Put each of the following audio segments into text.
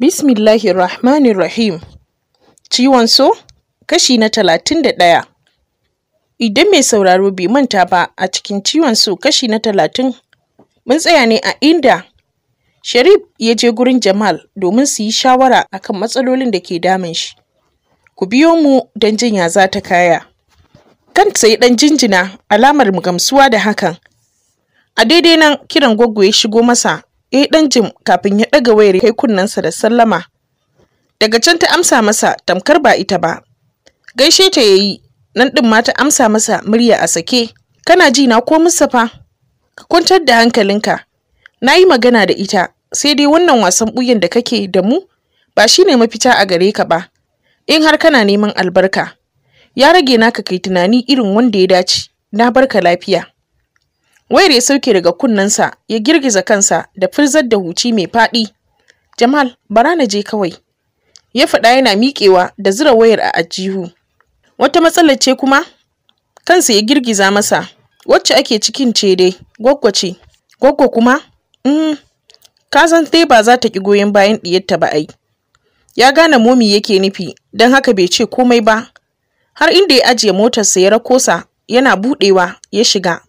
bismillahirrahmanirrahim Rahmanir Ciwon so, kashi na talatin da ɗaya. Idan mai sauraro bai manta ba a cikin ciwon so kashi na talatin, mun tsaya ne a inda Sharif ya je gurin Jamal domin su yi shawara akan matsalolin da ke damun shi. Ku biyo mu don jin ya za ta kaya. Kan sai ɗan jinjina alamar mu gamsuwa da hakan. A daidai nan kiran gwaggo ya shigo masa ya eh, yi ɗan jim kafin ya ɗaga wayar kai kunnensa da sallama. Daga can ta amsa masa tamkar ba ita ba. Gaishe ta ya yi, nan ɗin ma ta amsa masa murya a sake. Kana ji na ko Mustapha? Ka kwantar da hankalinka. Na yi magana da ita, sai dai wannan wasan ɓuyan da kake da mu ba shine ne mafita a gare ka ba. In har kana neman albarka, ya rage naka kai tunani irin wanda ya dace. Na barka lafiya. wayar ya sauke daga kunnensa ya girgiza kansa da firzar da huci mai faɗi jamal bara na je kawai ya faɗa yana miƙewa da zura wayar a ajihu wata matsalar ce kuma kansa ya girgiza masa wacce ake cikin ce dai gwaggwa ce gwaggwa kuma mm. ka san dai ba za ta ki goyon bayan ɗiyarta ba ai ya gane momi yake nufi don haka bai ce komai ba har inda ya ajiye motarsa ya rakosa yana buɗewa ya shiga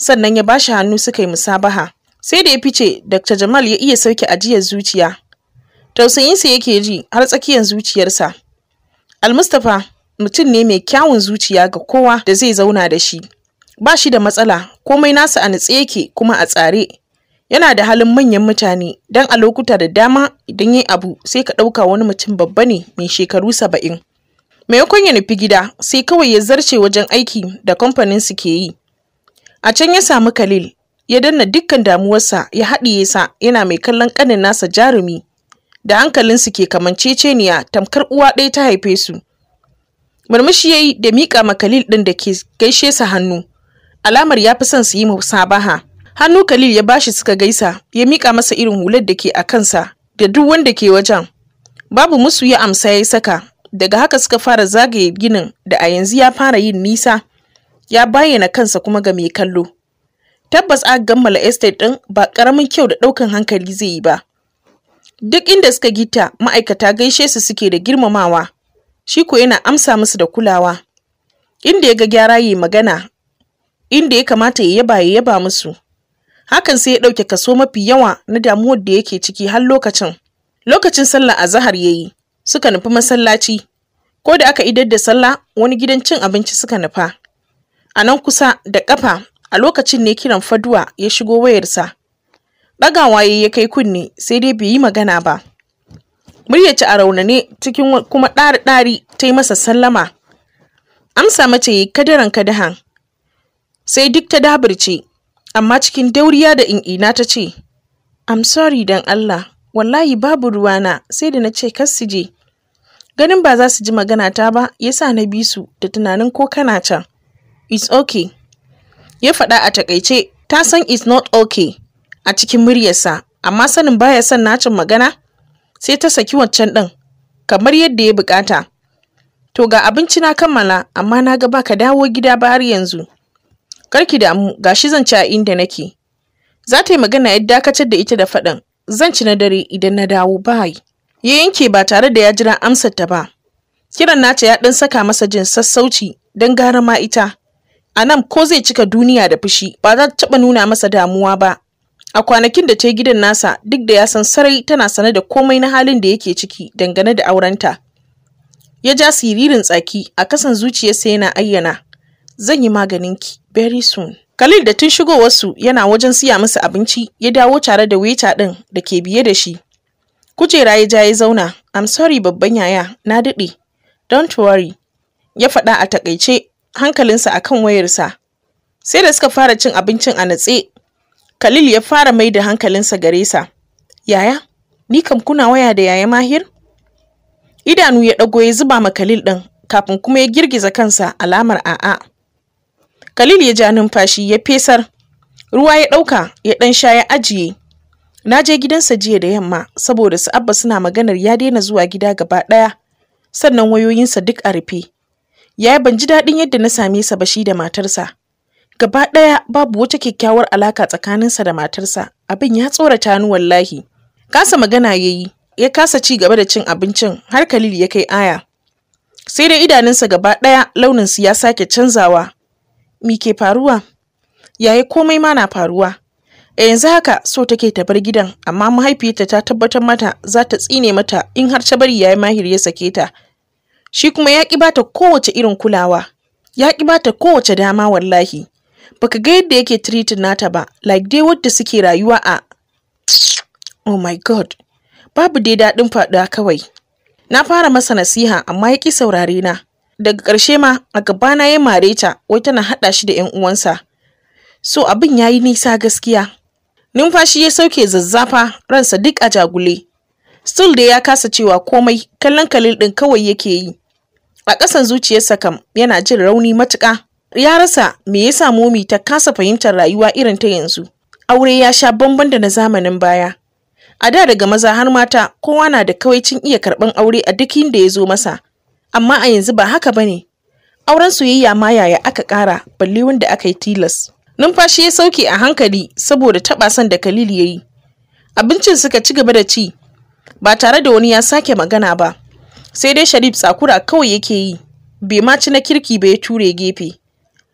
sannan ya bashi hannu suka yi musabaha sai da ya fice dr jamal ya iya sauke ajiyar zuciya tausayinsa yake ji har tsakiyar zuciyarsa almustapha mutum ne mai kyawun zuciya ga kowa da zai zauna da shi ba shi da matsala komai nasa a nutse yake kuma a tsare yana da halin manyan mutane don a lokuta da dama idan yi abu sai ka ɗauka wani mutum babba ne mai shekaru saba'in maimakon ya nufi gida sai kawai ya zarce wajen aiki da kamfanin su ke yi a can ya samu khalil ya danna dukkan damuwarsa ya haɗiye sa yana mai kallon ƙanin nasa jarumi da hankalinsu ke kamanceceniya tamkar uwa ɗaya ta haife su murmushi ya yi da miƙa ma khalil ɗin da ke gaishe sa hannu alamar ya fi son su yi musabaha hannu khalil ya bashi suka gaisa ya miƙa masa irin hular da ke a kansa da duk wanda ke wajen babu musu ya amsa ya saka daga haka suka fara zagaye ginin da a yanzu ya fara yin nisa ya bayyana kansa kuma ga mai kallo. Tabbas aka gammala estate ɗin ba ƙaramin kyau da ɗaukan hankali zai yi ba. Duk inda suka gita ma'aikata gaishe su suke da girmamawa, shi ko yana amsa musu da kulawa. Inda ya ga gyara yi magana, inda ya kamata ya yaba ya yaba musu. Hakan sai ya ɗauke kaso mafi yawa na damuwar da yake ciki har lokacin. Lokacin sallah azahar ya yi, suka nufi masallaci. Ko da aka idar da sallah wani gidan cin abinci suka nufa. a nan kusa da ƙafa a lokacin ne kiran faduwa ya shigo wayarsa ɗagawa ya kai kunne sai dai bai yi magana ba ci a raunane cikin kuma ɗari-ɗari ta yi masa sallama amsa mace yi kadaran kadahan sai duk ta dabirce amma cikin dauriya da in'ina ta ce i'm sorry dan allah wallahi babu ruwana sai da na ce kar su je ganin ba za su ji magana ta ba yasa na bi su da tunanin ko kana can It's okay. Ya faɗa a takaice, ta san it's not okay a cikin muryarsa, amma sanin baya son nacin magana sai ta saki wancan ɗin, kamar yadda ya bukata. To ga abinci na kammala, amma na ga baka dawo gida ba har yanzu. Karki damu, gashi zan ci a inda nake. Za ta yi magana yadda dakatar da ita da faɗin, zan ci na dare idan na dawo bai. Ya yanke ba tare da ya jira amsar ta ba. Kiran nata ya ɗan saka masa jin sassauci don gara ma ita. Anam ko zai cika duniya da fushi ba za ta taɓa nuna masa damuwa ba. A kwanakin da ta yi gidan nasa duk da ya san sarai tana sane da komai na halin da yake ciki dangane da aurenta. Ya ja siririn tsaki a kasan zuciyarsa yana ayyana. Zan yi maganinki very soon. Khalil da tun shigowarsu yana wajen siya musu abinci ya dawo tare da weta ɗin da ke biye da shi. Kujera ya ja ya zauna, I'm sorry babban yaya, na daɗe. Don't worry. Ya faɗa a takaice hankalinsa a kan wayarsa sai da suka fara cin abincin a natse khalil ya fara mai da hankalinsa gare sa yaya ni kam kuna waya da yaya mahir idanu ya ɗago ya zuba ma Kalil ɗin kafin kuma ya girgiza kansa alamar a'a khalil ya ja numfashi ya fesar ruwa ya ɗauka ya ɗan sha ya ajiye na je gidansa jiya da yamma saboda su abba suna maganar ya daina zuwa gida gaba ɗaya sannan wayoyinsa duk a rufe Yaya ban ji daɗin yadda na same sa ba shi da matarsa. Gaba ɗaya babu wata kyakkyawar alaka tsakaninsa da matarsa, abin ya tsorata ni wallahi. Kasa magana ya yi, ya kasa ci gaba da cin abincin har Khalil ya kai aya. Sai dai idanunsa gaba ɗaya launinsu ya sake canzawa. Mi ke faruwa? Yaya komai ma na faruwa? A yanzu haka so take ta bar gidan, amma mahaifiyarta ta tabbatar mata za ta tsine mata in har ta bari yayi mahir ya sake ta. shi kuma ya ƙi bata kowace irin kulawa ya ƙi bata kowace dama wallahi baka ga yadda yake treating nata ba like dai wadda suke rayuwa a oh my god babu dai daɗin faɗa kawai na fara masa nasiha amma ya ƙi saurare na daga ƙarshe ma a gabana ya mare ta wai tana haɗa shi da 'yan uwansa so abin ya yi nisa gaskiya numfashi ya sauke zazzafa ransa duk a jagule Still da ya kasa cewa komai kallon kalil ɗin kawai yake yi. A ƙasan zuciyarsa kam yana jin rauni matuƙa. Ya rasa me yasa momi ta kasa fahimtar rayuwa irin ta yanzu. Aure ya sha bamban da na zamanin baya. A da daga maza har mata kowa na da kawaicin iya karɓan aure a duk inda ya zo masa. Amma a yanzu ba haka bane. Auren soyayya ma yaya aka ƙara balle wanda aka yi tilas. Numfashi ya sauke a hankali saboda taɓa son da Khalil ya yi. Abincin suka ci gaba da ci ba tare da wani ya sake magana ba sai dai sharif tsakura kawai yake yi bai ma ci na kirki ba ya ture gefe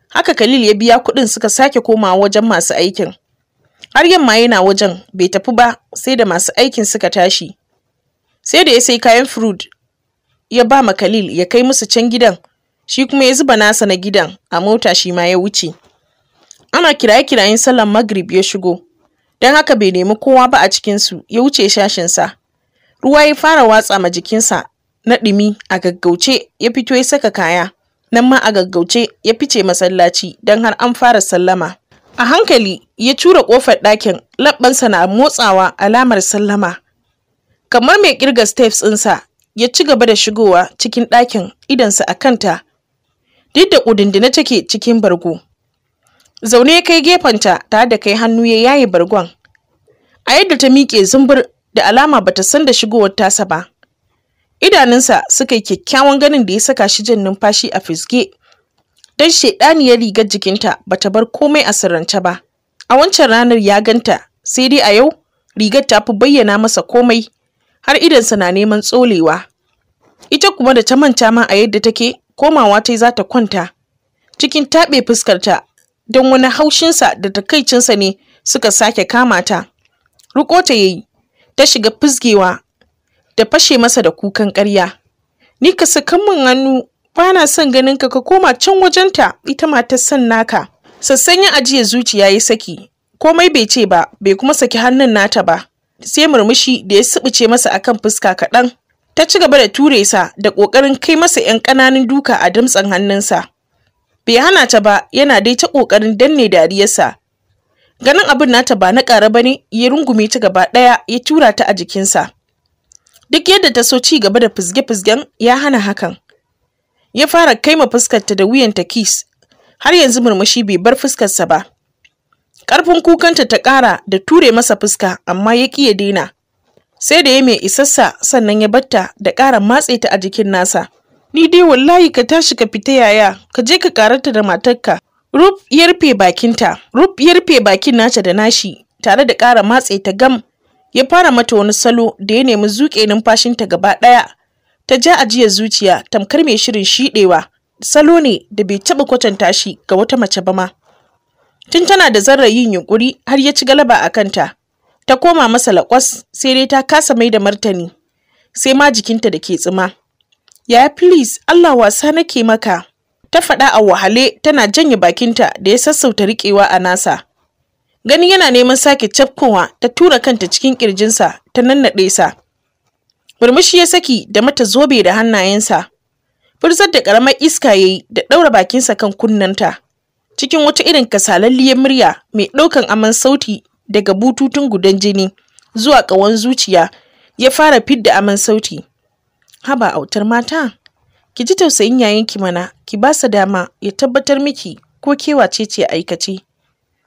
haka khalil ya biya kuɗin suka sake koma wajen masu aikin har yamma yana wajen bai tafi ba sai da masu aikin suka tashi sai da ya sai kayan fruit ya ba ma khalil ya kai musu can gidan shi kuma ya zuba nasa na gidan a mota shi ma ya wuce ana kiraye-kirayen sallan magrib ya shigo don haka bai nemi kowa ba a cikinsu ya wuce shashinsa ruwa ya fara watsa ma jikinsa na ɗumi a gaggauce ya fito ya saka kaya nan ma a gaggauce ya fice masallaci don har an fara sallama a hankali ya cura ƙofar ɗakin labbansa na motsawa alamar sallama kamar mai ƙirga steps ɗinsa ya ci gaba da shigowa cikin ɗakin idansa a kanta duk da ƙudundune take cikin bargo zaune ya kai gefenta tare da kai hannu ya yaye bargon a yadda ta miƙe zumbur da alama bata san da shigowar tasa ba idanunsa suka yi kyakkyawan ganin da ya saka shi jan numfashi a fisge don shaidaniyar rigar jikinta bata bar komai a sirrance ba a wancan ranar ya ganta sai dai a yau rigar ta fi bayyana masa komai har idansa na neman tsolewa ita kuma da ta manta ma a yadda take komawa ta za ta kwanta cikin taɓe fuskarta don wani haushinsa da takaicinsa ne suka sake kamata. ta. Ruko ta yayi ta shiga fizgewa da fashe masa da kukan karya. ni ka sakan min hannu bana son ganin ka ka koma can wajenta ita ma ta san naka sassan ya ajiye zuciya ya saki komai bai ce ba bai kuma saki hannun nata ba sai murmushi da ya sibice masa akan fuska kaɗan ta ci gaba da ture sa da ƙoƙarin kai masa 'yan ƙananan duka a damtsan hannunsa bai hana ta ba yana dai ta ƙoƙarin danne dariyarsa ganin abin nata ba na ƙara ba ne ya rungume ta gaba ɗaya ya tura ta a jikinsa duk yadda ta so ci gaba da fizge-fizgen ya hana hakan ya fara kaima fuskarta da wuyanta kis har yanzu murmushi bai bar fuskarsa ba ƙarfin kukanta ta ƙara da ture masa fuska amma ya ƙi ya daina sai da ya mai isassa sannan ya batta da ƙara matse ta a jikin nasa ni dai wallahi ka tashi ka fita yaya ka je ka karanta da matarka ruf ya rufe bakinta, Rub ya rufe bakin nata da nashi tare da ƙara matse ta gam. Ya fara mata wani salo da ya nemi zuƙe numfashinta gaba ɗaya. Ta ja ajiyar zuciya tamkar mai shirin shiɗewa. Salo ne da bai taɓa kwatanta shi ga wata mace ba ma. Tun tana da zarra yin yunƙuri har ya ci galaba a kanta. Ta koma masa laƙwas sai dai ta kasa mai da martani. Sai ma jikinta da ke tsima. Yaya please Allah wasa nake maka. ta faɗa a wahale tana janye bakinta da ya sassauta riƙewa a nasa gani yana neman sake cafkowa ta tura kanta cikin ƙirjinsa ta nannaɗe sa murmushi ya saki da mata zobe da hannayensa furzar da ƙaramar iska ya yi da ɗaura bakinsa kan kunnanta cikin wata irin kasalalliyar murya mai ɗaukan aman sauti daga bututun gudan jini zuwa ƙawan zuciya ya fara fidda aman sauti haba autar mata ki ji tausayin yayin ki mana ki ba sa dama ya tabbatar miki ko kewace ce aikace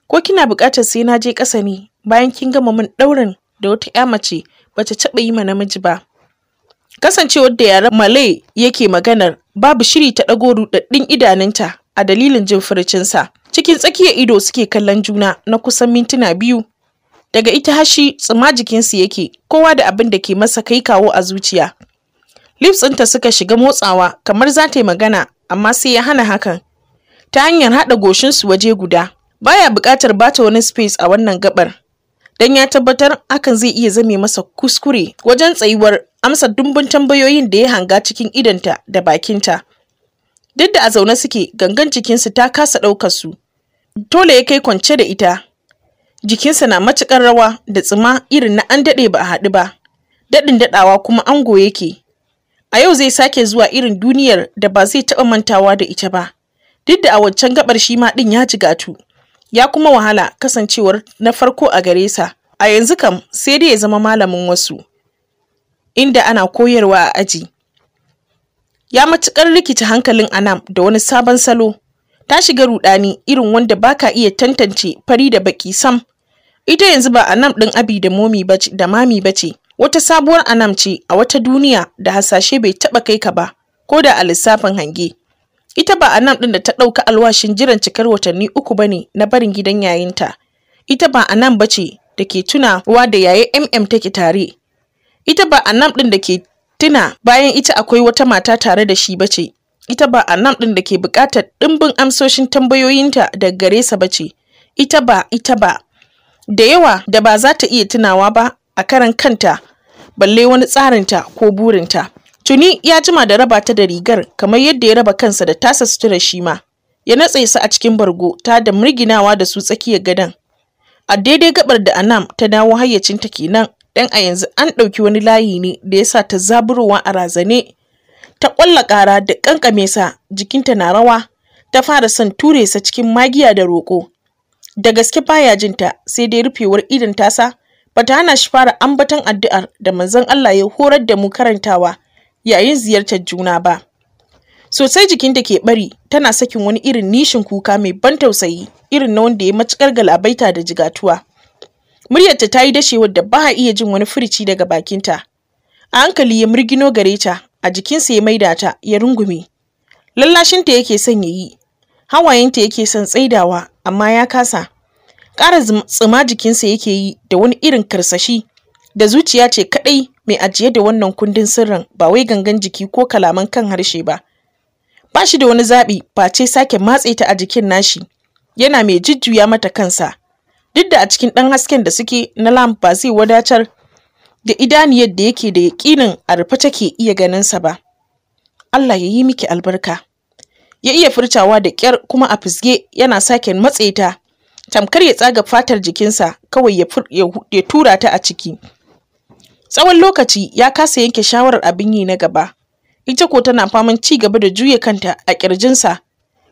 ko kina buƙatar sai na je ƙasa ne bayan kin gama min ɗaurin da wata ƴa mace bata taɓa yi ma namiji ba kasancewar da yaren malay yake maganar babu shiri ta ɗago ruɗaɗɗin idanunta a dalilin jin furcinsa cikin tsakiyar ido suke kallon juna na kusan mintuna biyu daga ita hashi tsima jikinsu yake kowa da abin da ke masa kai kawo a zuciya lips ɗinta suka shiga motsawa kamar za ta yi magana amma sai ya hana hakan ta hanyar haɗa goshinsu waje guda baya buƙatar bata wani space a wannan gabar Dan ya tabbatar hakan zai iya zame masa kuskure wajen tsayuwar amsa dumbin tambayoyin da ya hanga cikin idanta da bakinta duk da a zaune suke gangan jikinsu ta kasa ɗaukar su tole ya kai kwance da ita jikinsa na matuƙar rawa da tsima irin na an daɗe ba a haɗu ba daɗin daɗawa kuma ango yake a yau zai sake zuwa irin duniyar da ba zai taɓa mantawa da ita ba duk da a waccan gabar shi ma ɗin ya jigatu ya kuma wahala kasancewar na farko a gare sa a yanzu kam sai dai ya zama malamin wasu inda ana koyarwa a aji ya matuƙar rikita hankalin anam da wani sabon salo ta shiga rudani irin wanda baka iya tantance fari da baki sam ita yanzu ba anam ɗin abi da momi bace da mami bace wata sabuwar anamci a wata duniya da hasashe bai taɓa kai ka ba ko da a lissafin hange ita ba anam ɗin da ta ɗauka alwashin jiran cikar watanni uku ba ne na barin gidan yayinta ita ba anam ba ce da ke tunawa da yaye mm take tare ita ba anam ɗin da ke tuna bayan ita akwai wata mata tare da shi ba ce ita ba anam ɗin da ke buƙatar ɗimbin amsoshin tambayoyinta daga gare sa ba ce ita ba ita ba da yawa da ba za ta iya tunawa ba a karan kanta balle wani tsarinta ko burinta tuni ya jima da raba ta da rigar kamar yadda ya raba kansa da tasa sutura shi ma ya natse su a cikin bargo ta da murginawa da su tsakiyar gadon a daidai gabar da anam ta dawo hayyacinta kenan dan a yanzu an ɗauki wani layi ne da ya sa ta zaburowa a razane ta ƙwalla ƙara da ƙanƙame sa jikinta na rawa ta fara son ture sa cikin magiya da roƙo da gaske baya jinta sai dai rufewar idon tasa bata hana shi fara ambaton addu'ar da manzon Allah ya horar da mu karantawa yayin ziyartar juna ba sosai jikin da ke bari tana sakin wani irin nishin kuka mai ban tausayi irin na wanda ya matukar galabaita da jigatuwa muryarta ta yi dashewar da ba iya jin wani furici daga bakinta a hankali ya murgino gare ta a jikinsa ya maida ta ya rungume lallashinta yake son ya yi hawayenta yake son tsaidawa amma ya kasa ƙara tsima jikinsa yake yi da wani irin karsashi da zuciya ce kaɗai mai ajiye da wannan kundin sirrin ba wai gangan jiki ko kalaman kan harshe ba ba shi da wani zaɓi face sake matse ta a jikin nashi yana mai jujjuya mata kansa duk da a cikin ɗan hasken da suke na Lam ba zai wadatar da idaniyar da yake da yaƙinin a rufe take iya ganinsa ba Allah ya yi miki albarka ya iya furtawa da ƙyar kuma a fisge yana sake matse ta tamkar ya tsaga fatar jikinsa kawai ya tura ta a ciki tsawon lokaci ya kasa yanke shawarar abin yi na gaba ita ko tana faman ci gaba da juya kanta a kirjinsa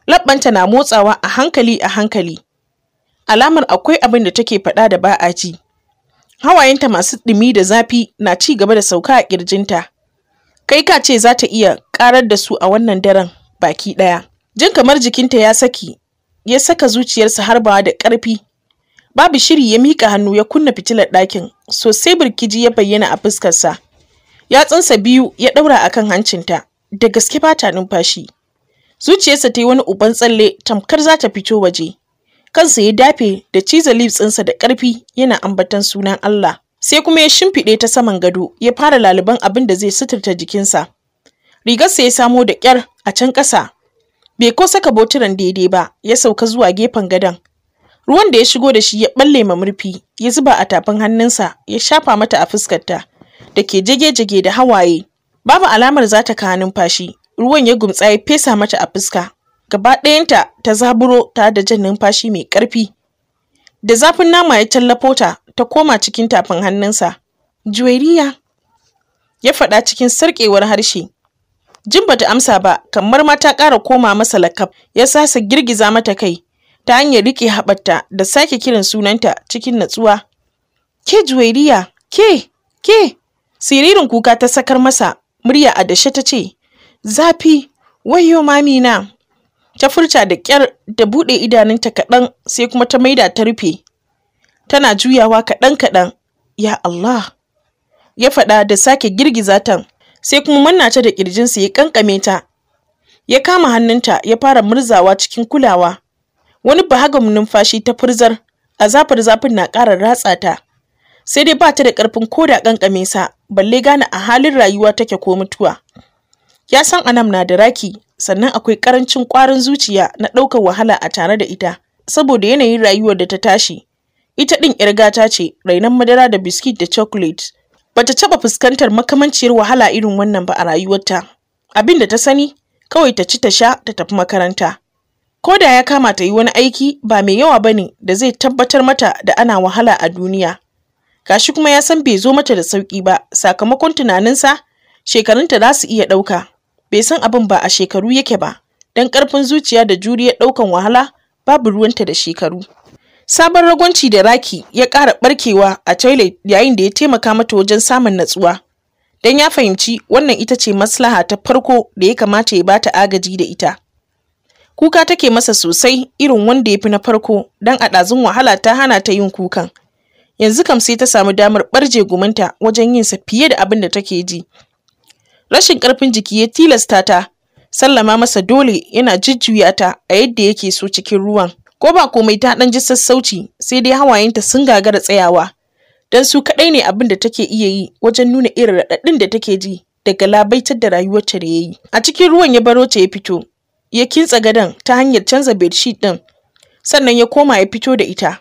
labbanta na motsawa a hankali a hankali alamar akwai abin da take faɗa da ba a ji hawayenta masu ɗumi da zafi na ci gaba da sauka a kirjinta kai ka ce za ta iya ƙarar da su a wannan daren baki ɗaya jin kamar jikinta ya saki ya saka zuciyarsa harbawa da ƙarfi babu shiri ya mika hannu ya kunna fitilar ɗakin sosai birkiji ya bayyana a fuskarsa Ya yatsunsa biyu ya ɗaura a akan hancinta da gaske ba ta numfashi zuciyarsa ta yi wani uban tsalle tamkar za ta fito waje kansa ya dafe da ciza lipsinsa da ƙarfi yana ambaton sunan Allah sai kuma ya shimfiɗe ta saman gado ya fara laliban abin da zai suturta jikinsa rigarsa ya samo da ƙyar a can ƙasa bai ko saka boturan daidai ba ya sauka zuwa gefen gadon ruwan da ya shigo da shi ya balle ma murfi ya zuba a tafin hannunsa ya shafa mata a fuskarta da ke jage-jage da hawaye babu alamar za ta kawo numfashi ruwan ya gumtsa ya fesa mata a fuska gaba ɗayanta ta zaburo ta da jan numfashi mai ƙarfi da zafin nama ya tallafo ta ta koma cikin tafin hannunsa juweriya ya faɗa cikin sarƙewar harshe Jin bata amsa ba, kamar ma ta ƙara koma masa lakab, ya sasa girgiza mata kai ta hanyar riƙe haɓarta da sake kiran sunanta cikin natsuwa. Ke juwairiya, ke, ke, siririn kuka ta sakar masa, murya a dashe ta ce, Zafi, wayo na. Ta furta da ƙyar da buɗe idanunta kaɗan sai kuma ta maida ta rufe. Tana juyawa kaɗan-kaɗan, ya Allah, ya faɗa da sake girgiza tan. sai kuma manna ta da su ya ƙanƙame ta ya kama hannunta ya fara murzawa cikin kulawa wani bahagam numfashi ta furzar azafar zafin na ƙara ratsa ta sai dai ba ta da ƙarfin ko da ƙanƙame sa balle gane a halin rayuwa take ko mutuwa ya san anam na da raki sannan akwai ƙarancin ƙwarin zuciya na ɗaukar wahala a tare da ita saboda yanayin rayuwar da ta tashi ita ɗin 'yar gata ce rainon madara da biskit da chocolate bata taba fuskantar makamanciyar wahala irin wannan ba a rayuwarta abin da ta sani kawai ta ci ta sha ta tafi makaranta ko da ya kama ta yi wani aiki ba mai yawa bane da zai tabbatar mata da ana wahala a duniya gashi kuma ya san bai zo mata da sauki ba sakamakon tunaninsa shekarunta za su iya ɗauka bai san abin ba a shekaru yake ba don ƙarfin zuciya da juriyar ɗaukan wahala babu ruwanta da shekaru Sabon ragonci da raki ya ƙara barkewa a toilet yayin da ya taimaka mata wajen samun natsuwa. Don ya fahimci wannan ita ce maslaha ta farko da ya kamata ya bata agaji da ita. Kuka take masa sosai irin wanda ya fi na farko don a ɗazun wahala ta hana ta yin kukan. Yanzu kam sai ta samu damar ɓarje guminta wajen yin sa fiye da abin da take ji. Rashin ƙarfin jiki ya tilasta ta, sallama masa dole yana jujjuya ta a yadda yake so cikin ruwan. ko ba komai ta ɗan ji sassauci sai dai hawayenta sun gagara tsayawa don su kaɗai ne abin da take iya yi wajen nuna irin raɗaɗin da take ji daga labaitar da rayuwarta da ya yi a cikin ruwan ya baro ta ya fito ya kintsa gadon ta hanyar canza bedsheet ɗin sannan ya koma ya fito da ita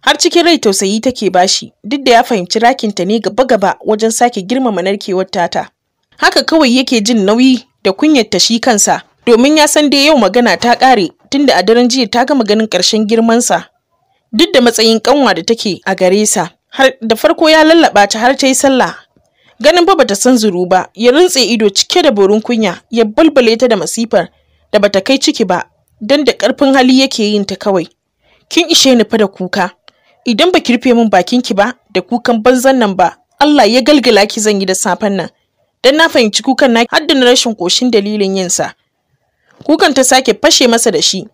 har cikin rai tausayi take bashi duk da ya fahimci rakinta ne gaba-gaba wajen sake girmama narkewar tata haka kawai yake jin nauyi da kunyar ta shi kansa domin ya san dai yau magana ta ƙare tunda a daren jiya ta gama ganin ƙarshen girmansa duk da matsayin ƙanwa da take a gare sa har da farko ya lallaɓa ta har ta yi sallah ganin ba bata san zuru ba ya rintse ido cike da borin kunya ya balbale ta da masifar da bata kai ciki ba dan da ƙarfin hali yake yin ta kawai kin ishe ni fa da kuka idan ba rufe min bakin ki ba da kukan banzan nan ba Allah ya galgala ki zan yi da safen nan dan na fahimci kukan na da na rashin koshin dalilin yin sa kukan ta sake fashe masa da shi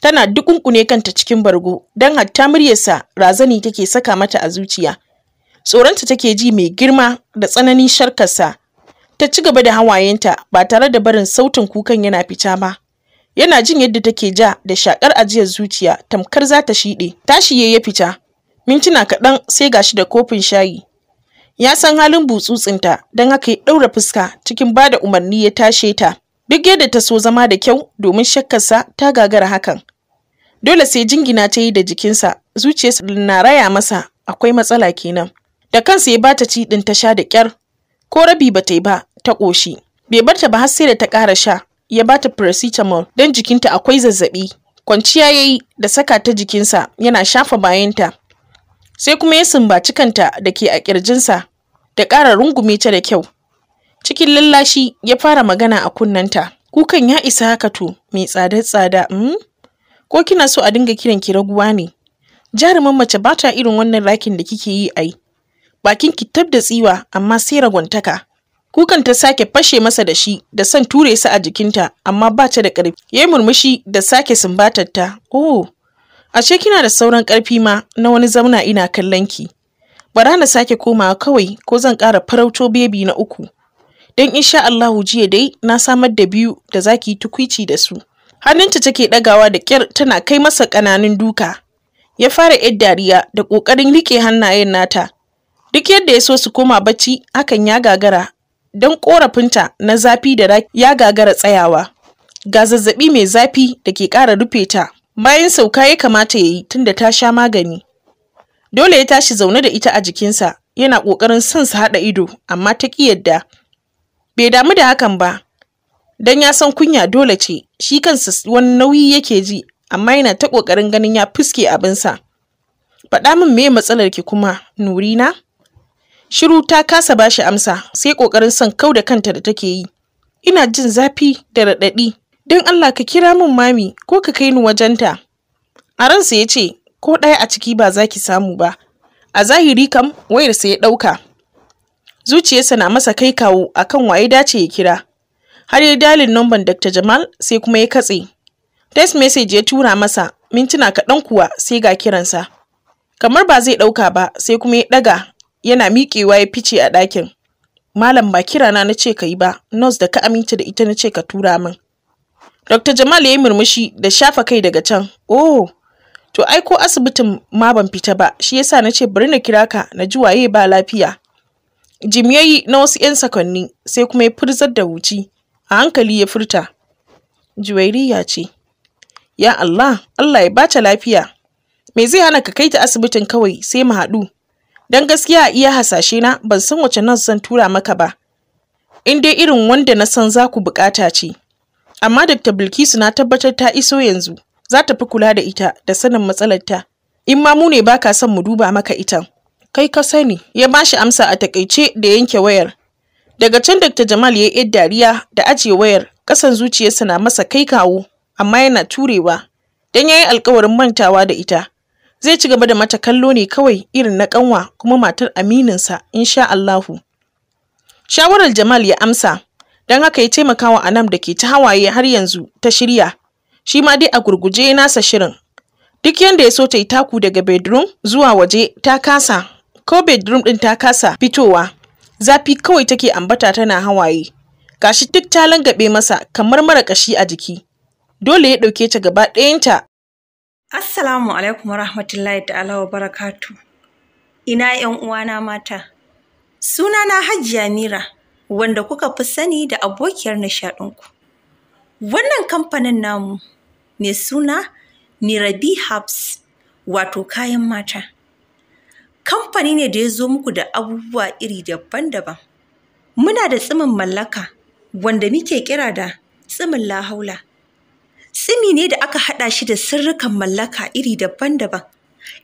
tana dukunkune kanta cikin bargo don hatta muryarsa razani take saka mata a zuciya tsoronta take ji mai girma da tsanani sharkarsa ta ci gaba da hawayenta ba tare da barin sautin kukan yana fita ba yana jin yadda take ja da shakar ajiyar zuciya tamkar za ta shiɗe tashi ya fita mintuna kaɗan sai gashi da kofin shayi ya san halin butsutsinta don haka ya ɗaura fuska cikin ba da umarni ya tashe ta duk yadda ta so zama da kyau domin shakkarsa ta gagara hakan dole sai jingina ta yi da jikinsa zuciyarsa na raya masa akwai matsala kenan da kansa ya bata ci ɗin ta sha da kyar, ko rabi ba ta yi ba ta ƙoshi bai barta ba har sai da ta ƙara sha ya bata paracetamol don jikinta akwai zazzaɓi kwanciya ya yi da saka ta jikinsa yana shafa bayanta sai kuma ya sumbaci kanta da ke a ƙirjinsa da ƙara rungume ta da kyau cikin lallashi ya fara magana a kunnanta kukan ya isa haka to mai tsada tsada mm? ko kina so a dinga kiran ki raguwa ne jaruman mace ba ta irin wannan rakin da kike yi ai bakin ki tab da tsiwa amma sai ragwantaka kukan ta sake fashe masa da shi da son ture su a jikinta amma ba ta da ƙarfi ya yi murmushi da sake sumbatar ta oh ashe kina da sauran ƙarfi ma na wani zauna ina kallon ki bara na sake komawa kawai ko zan ƙara farauto bebi na uku don insha Allahu jiya dai na samar da biyu da zaki yi tukwici da su. Hannunta take ɗagawa da ƙyar tana kai masa ƙananun duka. Ya fara ‘yar dariya da ƙoƙarin riƙe hannayen nata. Duk yadda ya so su koma bacci hakan ya gagara don ƙorafinta na zafi da ya gagara tsayawa. Ga zazzaɓi mai zafi da ke ƙara rufe ta bayan sauka ya kamata ya yi tunda ta sha magani. Dole ya tashi zaune da ita a jikinsa yana ƙoƙarin son su haɗa ido amma ta ƙi yadda. bai damu da hakan ba don ya san kunya dole ce shi kansa wani nauyi yake ji amma yana ta ƙoƙarin ganin ya fuske abinsa faɗa min me matsalar ki kuma nurina shiru ta kasa bashi amsa sai ƙoƙarin son kau da kanta da take yi ina jin zafi da raɗaɗi don allah ka kira min mami ko ka kai ni wajenta a ransa ya ce ko ɗaya a ciki ba za ki samu ba a zahiri kam wayarsa ya ɗauka zuciyarsa na masa kai kawo akan waye dace ya kira har ya dalin numban dr jamal sai kuma ya katse text message ya tura masa mintuna kaɗan kuwa sai ga kiransa kamar ba zai ɗauka ba sai kuma ya ɗaga yana miƙewa ya fice a ɗakin malam ba kirana na ce ka yi ba nurse da ka aminta da ita na ce ka tura min dr jamal ya yi murmushi da shafa kai daga can oh to ai ko asibitin ma ban fita ba shi yasa na ce bari na kira ka na ji waye ba lafiya Jim ya yi na wasu ‘yan sakonni sai kuma ya furzar da wuci, a hankali ya furta. Juwairiya ce, Ya Allah, Allah ya bata lafiya. Me zai hana ka kai ta asibitin kawai sai mu haɗu? Don gaskiya a iya hasashe na ban san wace nan zan tura maka ba. In dai irin wanda na san za ku bukata ce. Amma Dr. Bilkisu na tabbatar ta iso yanzu, za ta fi kula da ita da sanin matsalarta. In ma mu ne ba ka son mu duba maka itan. kai ka sani ya ba shi amsa a takaice da yanke wayar daga can dr jamal ya yi dariya da ajiye wayar kasan zuciyarsa na masa kai kawo amma yana turewa don ya yi alkawarin mantawa da ita zai ci gaba da mata kallo ne kawai irin na kanwa kuma matar amininsa insha Allahu shawarar Jamal ya amsa don haka ya taimaka wa Anam da ke ta hawaye har yanzu ta shirya shi ma dai a gurguje nasa shirin duk yanda ya so ta yi taku daga bedroom zuwa waje ta kasa ko bedroom ɗin ta kasa fitowa zafi kawai take ambata tana hawaye gashi duk ta langabe masa kamar mara kashi a jiki dole ya ɗauke ta gaba ɗayanta assalamu alaikum rahmatullahi ta'ala wa barakatu ina yan uwana mata sunana hajiya mira wanda kuka fi sani da abokiyar nishaɗinku wannan kamfanin namu mai suna Mirabi Hubs wato kayan mata. kamfani ne da ya zo muku da abubuwa iri daban-daban. Muna da tsimin mallaka wanda muke kira da tsimin lahaula. Tsimi ne da aka haɗa shi da sirrikan mallaka iri daban-daban.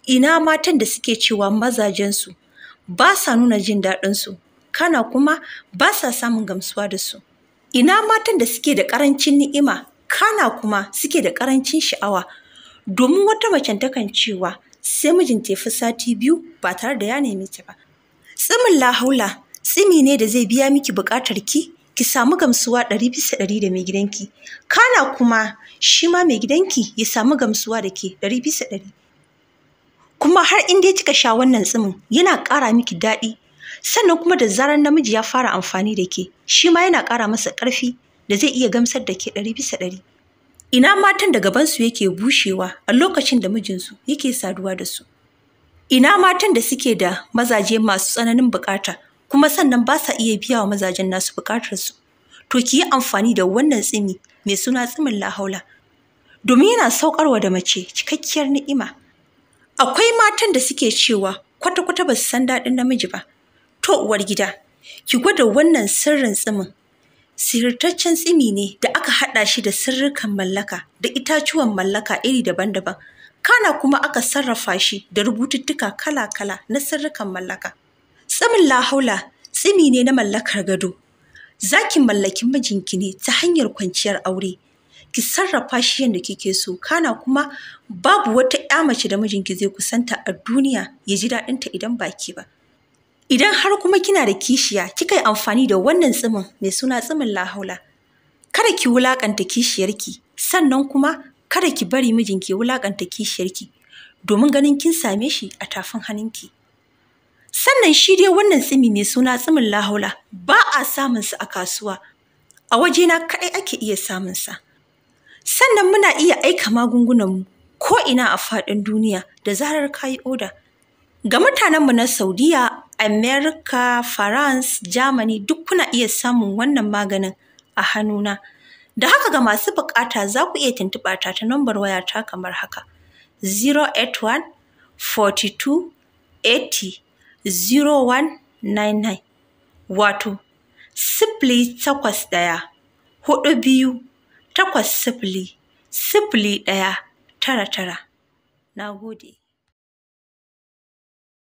Ina matan da suke cewa mazajensu ba sa nuna jin daɗinsu, kana kuma ba sa samun gamsuwa da su. Ina matan da suke da ƙarancin ni'ima, kana kuma suke da ƙarancin sha'awa, domin wata macen takan cewa sai mijinta ya sati biyu ba tare da ya nemi ki ba. Tsimin lahaula tsimi ne da zai biya miki buƙatar ki ki samu gamsuwa ɗari bisa ɗari da mai gidanki. Kana kuma shi ma mai gidanki ya samu gamsuwa da ke ɗari bisa ɗari. Kuma har in dai kika sha wannan tsimin yana ƙara miki daɗi sannan kuma da zarar namiji ya fara amfani da ke shi ma yana ƙara masa ƙarfi da zai iya gamsar da ke ɗari bisa ɗari. Ina matan da gabansu yake bushewa a lokacin da mijinsu yake saduwa da su? Ina matan da suke da mazaje masu tsananin bukata kuma sannan ba sa iya biya wa mazajen nasu bukatarsu? To ki yi amfani da wannan tsimi mai suna tsimin lahaula domin yana saukarwa da mace cikakkiyar ni'ima. Akwai matan da suke cewa kwata-kwata ba su san daɗin namiji ba. To uwar gida, ki gwada wannan sirrin tsimin sirritaccen tsimi ne da aka haɗa shi da sirrikan mallaka da itacuwan mallaka iri daban-daban kana kuma aka sarrafa shi da rubututtuka kala-kala na sirrikan mallaka tsimin lahaula tsimi ne na mallakar gado Zakin mallakin mijinki ne ta hanyar kwanciyar aure ki sarrafa shi yadda kike so kana kuma babu wata ya mace da mijinki zai kusanta a duniya ya ji daɗinta idan baki ba Idan har kuma kina da kishiya kika yi amfani da wannan tsimin mai suna tsimin lahaula, kada ki wulaƙanta kishiyarki sannan kuma kada ki bari mijinki wulaƙanta kishiyarki domin ganin kin same shi a tafin hannunki. Sannan shi dai wannan tsimi mai suna tsimin lahaula ba a samun sa a kasuwa, a wajena kaɗai ake iya samunsa. Sannan muna iya aika magungunanmu ko ina a faɗin duniya da zarar kayi oda. Ga mutanenmu na Saudiya, Amerika, France, Germany duk kuna iya samun wannan maganin a hannuna. Da haka ga masu bukata za ku iya tuntuɓa ta ta nambar wayata kamar haka. 081 42 80 0199 wato sifili takwas ɗaya hudu biyu takwas sifili sifili ɗaya tara tara. Na gode.